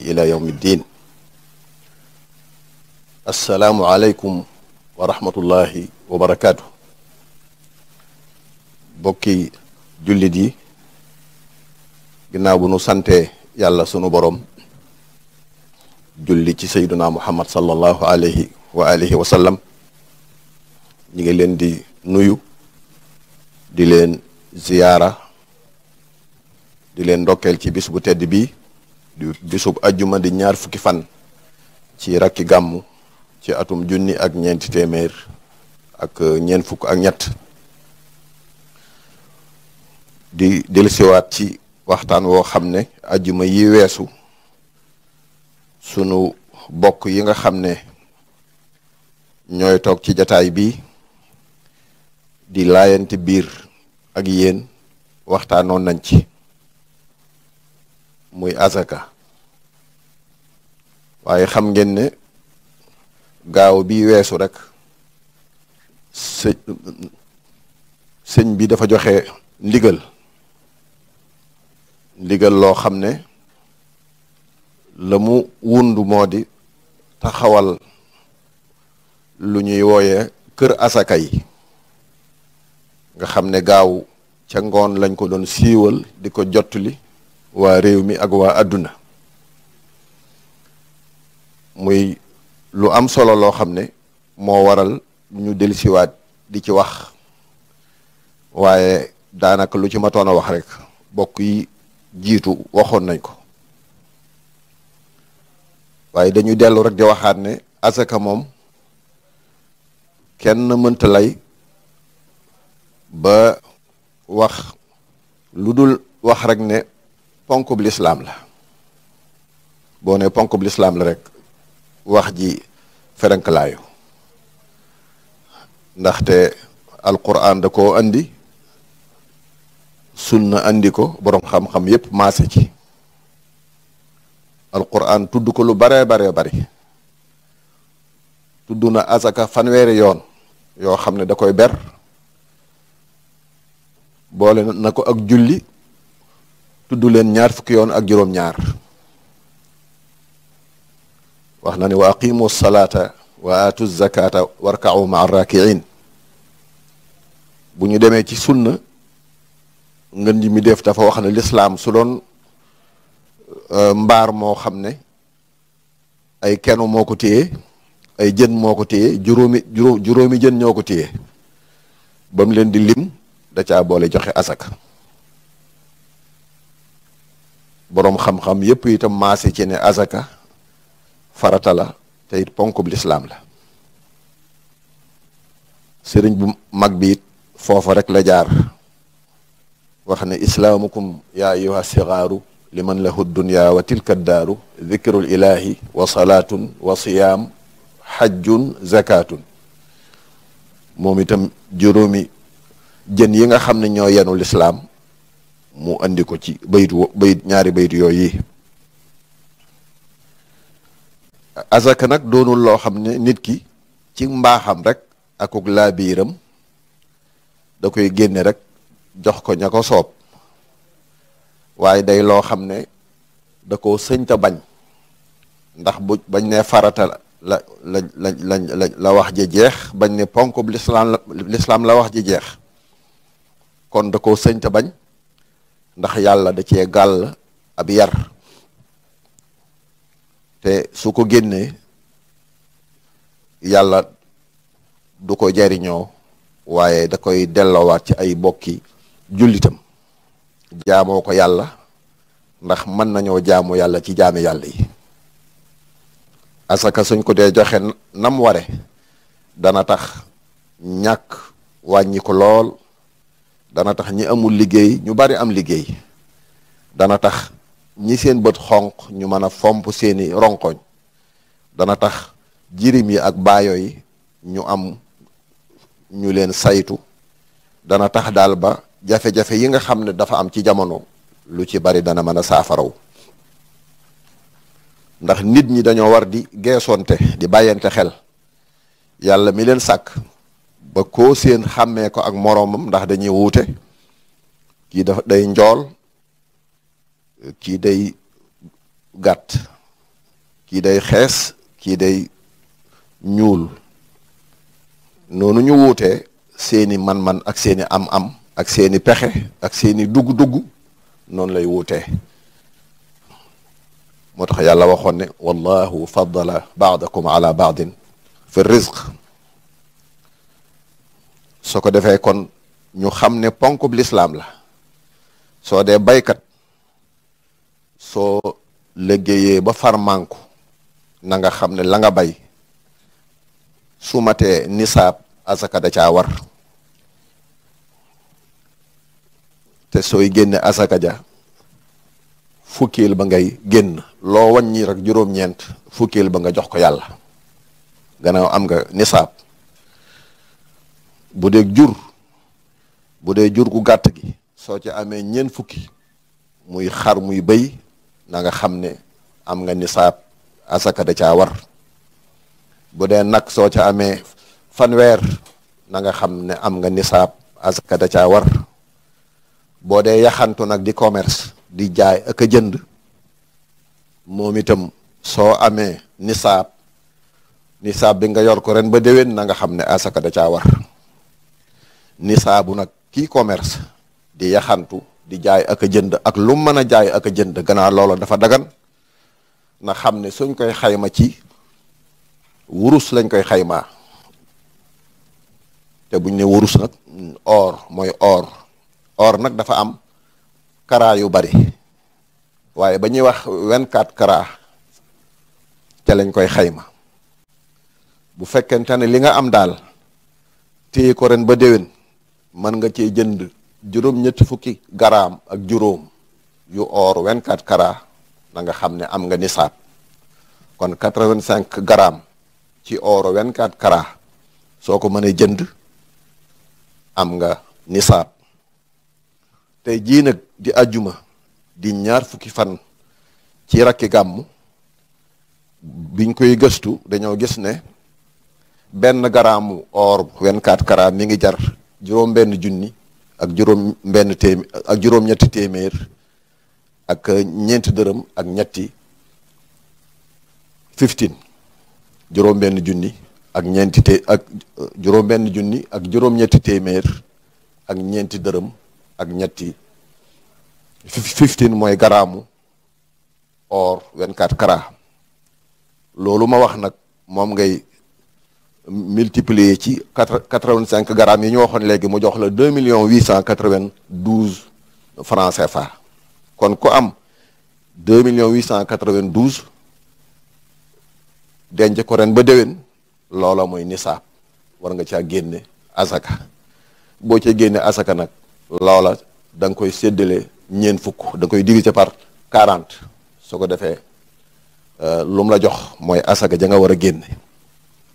ila yawmi diin assalaamu aleykum wa rahmatullahi bokki jullit yi ginnaaw bu nu sante yàlla sunu borom julli ci sayduna muhammad sallallahu alayhi wa alihi wa sallam ñi ngi leen di nuyu di leen ziyaara di leen ndokkeel ci bis bu di bisub ajjuma di ñaar fukki fan ci rakki gàmmu ci atum junni ak ñeenti téeméer ak euh, ñeent fukk ak ñett di dellusiwaat ci waxtaan woo xam ne ajjuma yi weesu sunu bokk yi nga xam ne ñooy toog ci jataay bi di laayante biir ak yéen waxtaanoon nañ ci muy asaka waaye xam ngeen ne gaaw bi weesu rek së sëñ bi dafa joxe ndigal ndigal loo xam ne la mu wund moo di taxawal lu ñuy wooyee kër asaka yi nga xam ne gaaw ca ngoon lañ ko doon siiwal di ko jottali waa réew mi ak waa àdduna muy lu am solo loo xam ne moo waral ñu dellusiwaat di ci wax waaye daanaka lu ci matoon a wax rek bokk yi jiitu waxoon nañ ko waaye dañuy dellu rek di waxaat ne asaka moom kenn mënta lay ba wax lu dul wax rek ne ponkub lislaam la boo ponk ponkub lislaam la rek wax ji ferenklaayu ndaxte alquran da koo andi sunna indi ko boroom xam-xam yépp maase ci alquran tudd ko lu baree baree bari tudd na asaka fanweeri yoon yoo xam ne da koy ber boole na ko ak julli tudd leen ñaar fukki yoon ak juróom-ñaar wax na ne wa aqimu salaata wa aatu zakata warkau maa rakiin bu ñu demee ci sunna ngën ji mi def dafa wax ne lislaam su doon euh, mbaar moo xam ne ay kenu moo ko téye ay jën moo ko téye juróomi juróomi jën ñoo ko téye ba leen di lim da caa boole joxe asaka boroom xam-xam yépp itam maase ci ne azaka farata la te ponkub lislaam la sëriñ bu mag bi it foofa rek la jaar wax ne islaamukum yaa ayyuha sigaaru liman lahu dunya wa tilka daaru dikrul ilahi wa salaatun wa siyaam xajjun zakatun moom itam juróomi jën yi nga xam ne ñoo yenu lislaam mu andi ko ci baytu bayit ñaari baytu yooyu yi azaka nag doonul loo xam ne nit ki ci mbaaxam rek akuk laa biiram da koy génne rek jox ko ña ko soob waaye day loo xam ne da koo sëñta bañ ndax bu bañ ne farata la la la wax ji jeex bañ ne ponk lislaam la lislaam wax ji jeex kon da koo sëñta bañ ndax yàlla da cee gàll ab yar te su ko génnee yàlla du ko jariñoo waaye da koy delloowaat ci ay bokki jullitam jaamoo ko yàlla ndax mën nañoo jaamu yàlla ci jaami yàlla yi asaka suñ ko dee joxe nam ware dana tax ñàkk wàññi ko lool dana tax ñi amul liggéey ñu bari am liggéey dana tax ñi seen bët xonq ñu mën a fomp seeni ronqoñ dana tax jirim yi ak baayo yi ñu am ñu leen saytu dana tax daal ba jafe-jafe yi nga xam ne dafa am ci jamono lu ci bari dana mën a saafaraw ndax nit ñi dañoo war di geesonte di bàyyante xel yàlla mi leen sàkk ba koo seen xàmmee ko ak moroomam ndax dañuy wuute kii dafa day njool kii day gàtt kii day xees kii day ñuul noonu ñu wuutee seeni man-man ak seeni am-am ak seeni pexe ak seeni dugg-dugg noonu lay wuutee moo tax yàlla waxoon ne wallahu faddala baadakum ala baadin fi rizq su ko defee kon ñu xam ne ponk lislaam la soo dee baykat soo liggéeyee ba far mànku na xam ne la nga bay su matee nisaab asaka caa war te sooy génne asaka ja fukkeel ba ngay génn loo wàññi rek juróom-ñeent fukkeel ba nga jox ko yàlla gannaaw am nga nisaab bu dee jur bu dee jur gu gàtt gi soo ci amee ñeent fukki muy xar muy bay nanga xam ne am nga nisaab asaka da caa war bu dee nag soo ca amee fanweer nanga xam ne am nga nisaab asaka da caa war boo dee yaxantu nag di commerce di jaay ak a jënd moom itam soo amee nisaab nisaab bi nga yor ko ren ba déwén na nga xam ne asaka da caawar nisaabu nag kii commerce di yaxantu di jaay ak a jënd ak lu mën a jaay ak a jënd gannaaw loola dafa dagan na xam ne suñ koy xayma ci wurus lañ koy xaymaa te buñ ne wurus nag or mooy or or nag dafa am karaa yu bari waaye ba ñuy wax vingt-quatre kara te lañ koy xayma bu fekkente ne li nga am daal téye ko ren ba déwén mën nga cee jënd juróom-ñetti fukki garaam ak juróom yu or 24 kara na nga xam ne am nga nisaab kon 85 garaam ci or 24 kara soo ko mënee jënd am nga nisaab tey jii nag di ajjuma di ñaar fukki fan ci rakki gàmm biñ koy gëstu dañoo gis ne benn garaamu or 24 carats mi ngi jar juróom benn junni ak juróom benn téeméer ak juróom ñeenti dërëm ak ñetti fifteen juróom benn junni ak ñeenti té ak euh, téeméer ak ñeenti dërëm ak ñetti fifteen mooy garamu or 24 carats loolu ma wax nag moom ngay multiplier ci quatre quatre vingt cinq grammes yi ñu waxoon léegi mu jox la deux millions huit cent quatre vingt douze francs CFA kon ku am deux millions huit cent quatre vingt douze denc ko ren ba déwén loola mooy nisaab war nga caa génne asaka boo ca génne asaka nag loola da nga koy séddale ñeent fukk da nga koy diviser par quarante su ko defee euh, lu mu la jox mooy asaka ja nga war a génne.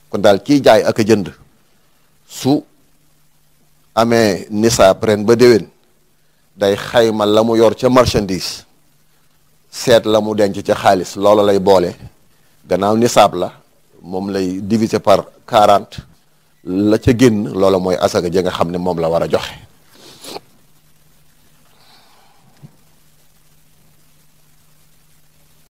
kon daal kiy jaay ak jënd su amee nissaab ren ba déwén day xayma la mu yor ca marchandise seet la mu denc ca xaalis loola lay boole gannaaw nissaab la moom lay diviser par quarante la ca génn loola mooy asaga ja nga xam ne moom la war a joxe